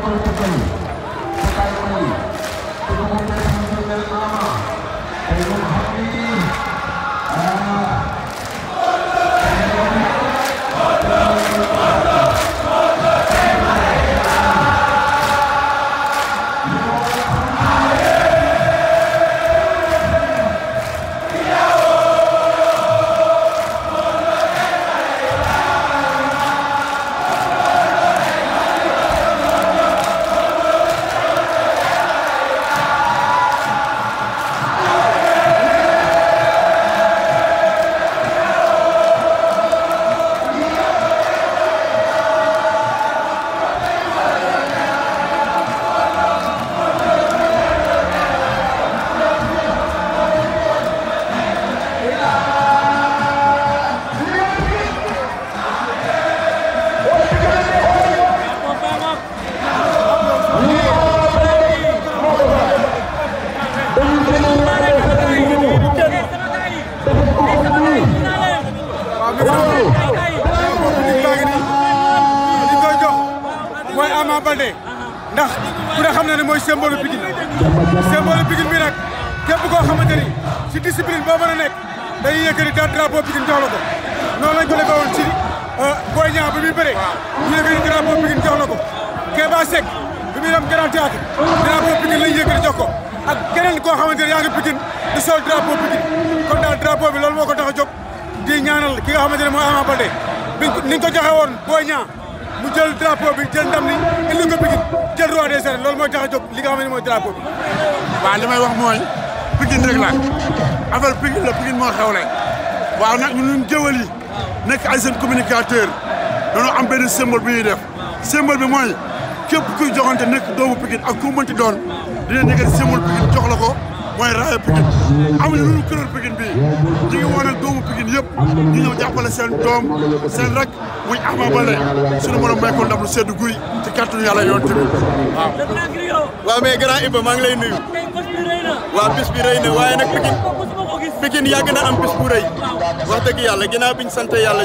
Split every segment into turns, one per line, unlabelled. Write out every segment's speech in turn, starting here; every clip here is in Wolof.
Copa do Brasil. Ama Baldé ndax ku ne xam na ne mooy symbole Pikine symbole Pikine bi nag képp koo xamante si discipline boo mën a nekk dañuy yëkkati daal drapeau Pikine jox la ko noonu lañ ko lebewoon ci euh, Boy Niang bi muy bëre ñu yëkkati drapeau Pikine jox la ko Keba Seck bi muy dem Grand Théâtre drapeau Pikine lañ yëkkati jox ko ak keneen koo xamante ne yaa ngi Pikine di sol drapeau Pikine kon daal drapeau bi loolu moo ko tax a jóg ñaanal ki nga xamante ne mooy Ama Baldé bi niñ ko joxe woon Boy Niang mu jël drapeau bi jël ndam ni indi ko Pikine jël roi des arènes loolu mooy tax a jóg li nga xam ne mooy drapeau bi. waaw li may wax mooy Pikine rek la
affaire Pikine la Pikine moo xewle waaw nag ñun jëwal yi nekk ay seen communicateur dañoo am benn symbole bi ñuy def symbole bi mooy képp kuy joxante nekk doomu Pikine ak ku mënti doon dina nekk symbole Pikine jox la ko. mooy raaya Pikine amuñu lu ñu kuréel Pikine bii ñu ngi woon ak doomu Pikine yëpp ñu ñëw seen doom seen rak muy Ama Baldé suñu mën a may ko ndam lu sedd guy ci kàttanu yàlla yoon tamit waaw. waaw bi na waaye nag Pikine
Pikine yàgg na am bis bu
rëy wax dëgg yàlla ginnaaw bi sant yàlla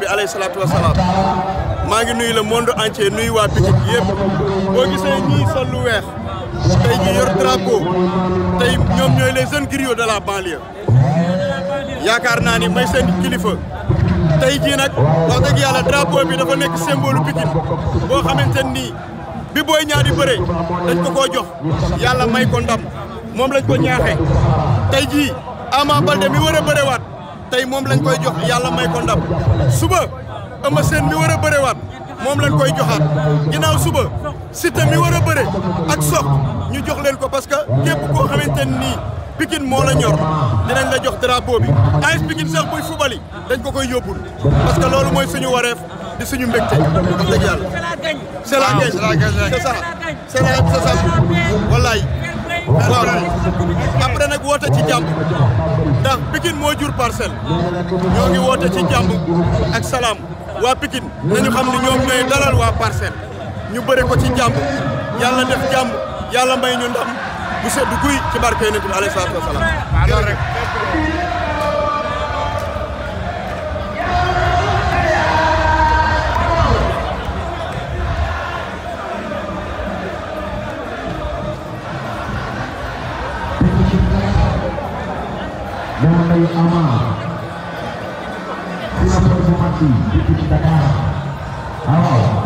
bi alayhi salaatu wa salaam maa ngi nuyu le monde entier nuyu waa Pikine yëpp boo gisee ñii sol lu weex. tey ñu yor drapeau tey ñoom ñooy les jeunes griots de la banlieue yaakaar naa ni may seen kilifa tey jii nag wax dëgg yàlla drapeau bi dafa nekk symbole Pikine boo xamante ni bi booy ñaari bëre dañ ko koo jox yàlla may ko ndam moom lañ ko ñaaxee tey jii Ama Baldé mi war a bërewaat tey moom lañ koy jox yàlla may ko ndam suba Eumeu Sène mi war a bërewaat moom lañ koy joxaat ginnaaw suba Siteu mi war a bëre jox leen ko parce que képp koo xamante nii Pikine moo la ñor dinañ la jox drapeau bi AS Pikine sax buy fubali dañ ko koy yóbbul parce que loolu mooy suñu wareef di suñu mbégte wax dëgg yàlla c'est la gagne c'est la gagne c'est ça c'est la c'est ça wallaay waaw après nag woote ci jàmm ndax Pikine moo jur parcelle ñoo ngi woote ci jàmm ak salaam waa Pikine nañu xam ne ñoom ñooy dalal waa parcelle ñu bëre ko ci jàmm yàlla def jàmm yàlla may ñu ndam bu sedd guy ci barke yonent bi alayhi salaatu wa salaam.
waaw loolu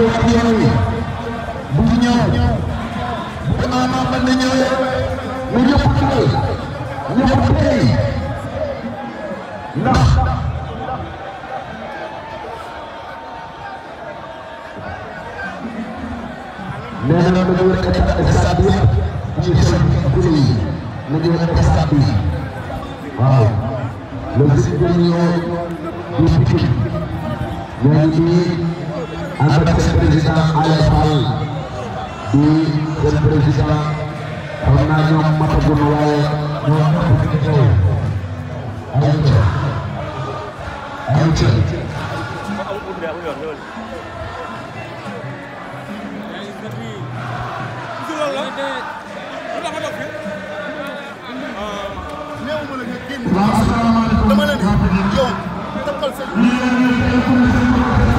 ko ak yoon wi
bu ñu ñëw bu Ama Baldé ñëwee mu ñëpp dugal ñëpp tey
ndax nee na mu ngi wër stade bi ci xel guddi yi mu ngi wër stade bi waaw loolu si guddi ñëw du fi nee na Abad Serprisita Ayapal di Serprisita Renanyong Mata Gunwai Nomor Pekito Ayo Ayo Assalamualaikum. Teman-teman,